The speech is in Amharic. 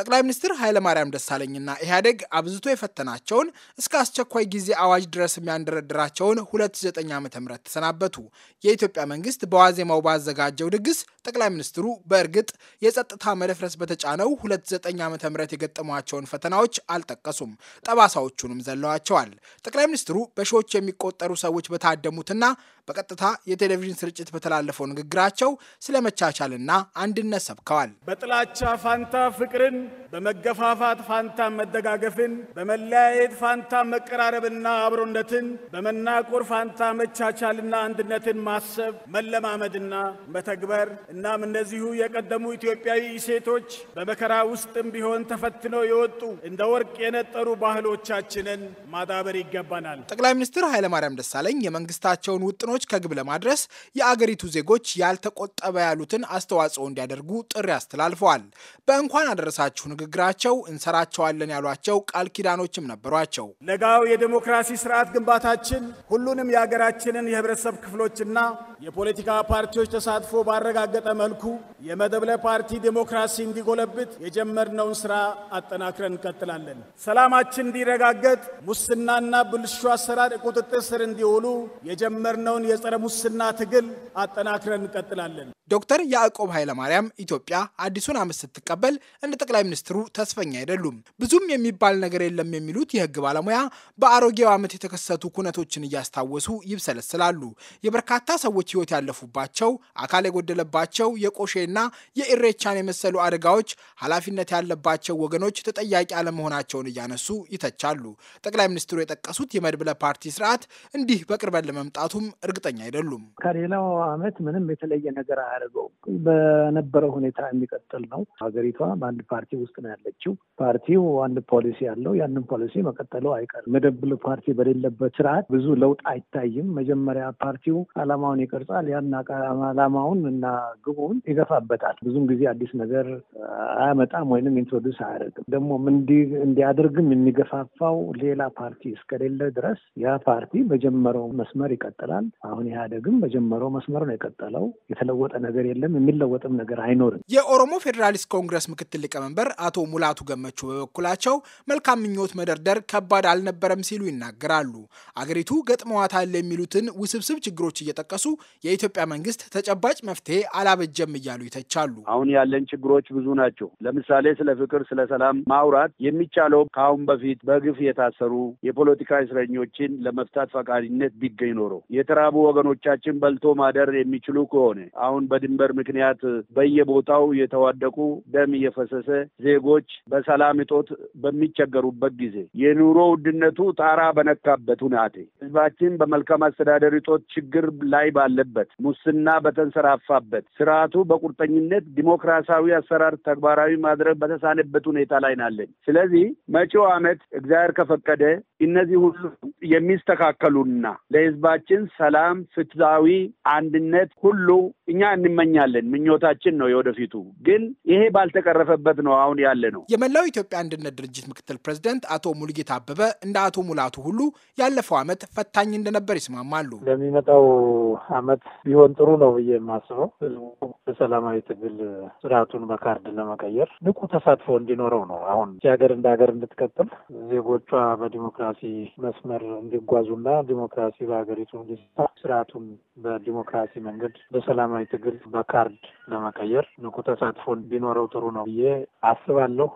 ጠቅላይ ሚኒስትር ኃይለማርያም ደሳለኝና ኢህአዴግ አብዝቶ የፈተናቸውን እስከ አስቸኳይ ጊዜ አዋጅ ድረስ የሚያንደረድራቸውን 29 ዓ ም ተሰናበቱ። የኢትዮጵያ መንግስት በዋዜማው ባዘጋጀው ድግስ ጠቅላይ ሚኒስትሩ በእርግጥ የጸጥታ መደፍረስ በተጫነው 29 ዓ ም የገጠሟቸውን ፈተናዎች አልጠቀሱም፣ ጠባሳዎቹንም ዘለዋቸዋል። ጠቅላይ ሚኒስትሩ በሺዎች የሚቆጠሩ ሰዎች በታደሙትና በቀጥታ የቴሌቪዥን ስርጭት በተላለፈው ንግግራቸው ስለመቻቻልና አንድነት ሰብከዋል። በጥላቻ ፋንታ ፍቅርን በመገፋፋት ፋንታ መደጋገፍን፣ በመለያየት ፋንታ መቀራረብና አብሮነትን፣ በመናቆር ፋንታ መቻቻልና አንድነትን ማሰብ መለማመድና መተግበር እናም እነዚሁ የቀደሙ ኢትዮጵያዊ እሴቶች በመከራ ውስጥም ቢሆን ተፈትነው የወጡ እንደ ወርቅ የነጠሩ ባህሎቻችንን ማዳበር ይገባናል። ጠቅላይ ሚኒስትር ኃይለማርያም ደሳለኝ የመንግስታቸውን ውጥኖች ከግብ ለማድረስ የአገሪቱ ዜጎች ያልተቆጠበ ያሉትን አስተዋጽኦ እንዲያደርጉ ጥሪ አስተላልፈዋል። በእንኳን አደረሳቸው በመክፈቻችሁ ንግግራቸው እንሰራቸዋለን ያሏቸው ቃል ኪዳኖችም ነበሯቸው። ነጋው የዴሞክራሲ ስርዓት ግንባታችን ሁሉንም የሀገራችንን የህብረተሰብ ክፍሎችና የፖለቲካ ፓርቲዎች ተሳትፎ ባረጋገጠ መልኩ የመደብለ ፓርቲ ዴሞክራሲ እንዲጎለብት የጀመርነውን ስራ አጠናክረን እንቀጥላለን። ሰላማችን እንዲረጋገጥ፣ ሙስናና ብልሹ አሰራር ቁጥጥር ስር እንዲውሉ የጀመርነውን የጸረ ሙስና ትግል አጠናክረን እንቀጥላለን። ዶክተር ያዕቆብ ኃይለማርያም ኢትዮጵያ አዲሱን ዓመት ስትቀበል እንደ ጠቅላይ ሚኒስትሩ ተስፈኛ አይደሉም። ብዙም የሚባል ነገር የለም የሚሉት የህግ ባለሙያ በአሮጌው ዓመት የተከሰቱ ኩነቶችን እያስታወሱ ይብሰለስላሉ። የበርካታ ሰዎች ህይወት ያለፉባቸው፣ አካል የጎደለባቸው የቆሼና የኢሬቻን የመሰሉ አደጋዎች ኃላፊነት ያለባቸው ወገኖች ተጠያቂ አለመሆናቸውን እያነሱ ይተቻሉ። ጠቅላይ ሚኒስትሩ የጠቀሱት የመድብለ ፓርቲ ስርዓት እንዲህ በቅርበት ለመምጣቱም እርግጠኛ አይደሉም። ከሌላው ዓመት ምንም የተለየ ነገር አያደርገው በነበረው ሁኔታ የሚቀጥል ነው። ሀገሪቷ በአንድ ፓርቲ ውስጥ ነው ያለችው። ፓርቲው አንድ ፖሊሲ አለው። ያንን ፖሊሲ መቀጠሉ አይቀርም። መደብል ፓርቲ በሌለበት ስርዓት ብዙ ለውጥ አይታይም። መጀመሪያ ፓርቲው አላማውን ይቀርጻል፣ ያን አላማውን እና ግቡን ይገፋበታል። ብዙም ጊዜ አዲስ ነገር አያመጣም ወይንም ኢንትሮዱስ አያደርግም። ደግሞ እንዲያደርግም የሚገፋፋው ሌላ ፓርቲ እስከሌለ ድረስ ያ ፓርቲ በጀመረው መስመር ይቀጥላል። አሁን ኢህአዴግም በጀመረው መስመር ነው የቀጠለው። የተለወጠ ነገር የለም፣ የሚለወጥም ነገር አይኖርም። የኦሮሞ ፌዴራሊስት ኮንግረስ ምክትል ሊቀመንበር ሊቀመንበር አቶ ሙላቱ ገመቹ በበኩላቸው መልካም ምኞት መደርደር ከባድ አልነበረም ሲሉ ይናገራሉ። አገሪቱ ገጥመዋታል የሚሉትን ውስብስብ ችግሮች እየጠቀሱ የኢትዮጵያ መንግስት ተጨባጭ መፍትሄ አላበጀም እያሉ ይተቻሉ። አሁን ያለን ችግሮች ብዙ ናቸው። ለምሳሌ ስለ ፍቅር፣ ስለ ሰላም ማውራት የሚቻለው ከአሁን በፊት በግፍ የታሰሩ የፖለቲካ እስረኞችን ለመፍታት ፈቃድነት ቢገኝ ኖሮ የተራቡ ወገኖቻችን በልቶ ማደር የሚችሉ ከሆነ አሁን በድንበር ምክንያት በየቦታው የተዋደቁ ደም እየፈሰሰ ዜጎች በሰላም እጦት በሚቸገሩበት ጊዜ የኑሮ ውድነቱ ጣራ በነካበት ሁናቴ ህዝባችን በመልካም አስተዳደር እጦት ችግር ላይ ባለበት፣ ሙስና በተንሰራፋበት፣ ስርዓቱ በቁርጠኝነት ዲሞክራሲያዊ አሰራር ተግባራዊ ማድረግ በተሳነበት ሁኔታ ላይ ናለኝ። ስለዚህ መጪው ዓመት እግዚአብሔር ከፈቀደ እነዚህ ሁሉ የሚስተካከሉና ለህዝባችን ሰላም፣ ፍትሃዊ አንድነት ሁሉ እኛ እንመኛለን፣ ምኞታችን ነው። የወደፊቱ ግን ይሄ ባልተቀረፈበት ነው አሁን ያለ ነው። የመላው ኢትዮጵያ አንድነት ድርጅት ምክትል ፕሬዚደንት አቶ ሙልጌታ አበበ እንደ አቶ ሙላቱ ሁሉ ያለፈው ዓመት ፈታኝ እንደነበር ይስማማሉ። ለሚመጣው ዓመት ቢሆን ጥሩ ነው ብዬ የማስበው ሰላማዊ ትግል ስርዓቱን በካርድ ለመቀየር ንቁ ተሳትፎ እንዲኖረው ነው። አሁን ሀገር እንደ ሀገር እንድትቀጥል ዜጎቿ በዲሞክራሲ መስመር እንዲጓዙና ዲሞክራሲ በሀገሪቱ እንዲስፋ ስርዓቱን በዲሞክራሲ መንገድ በሰላማዊ ትግል በካርድ ለመቀየር ንቁ ተሳትፎ እንዲኖረው ጥሩ ነው ብዬ አስባለሁ።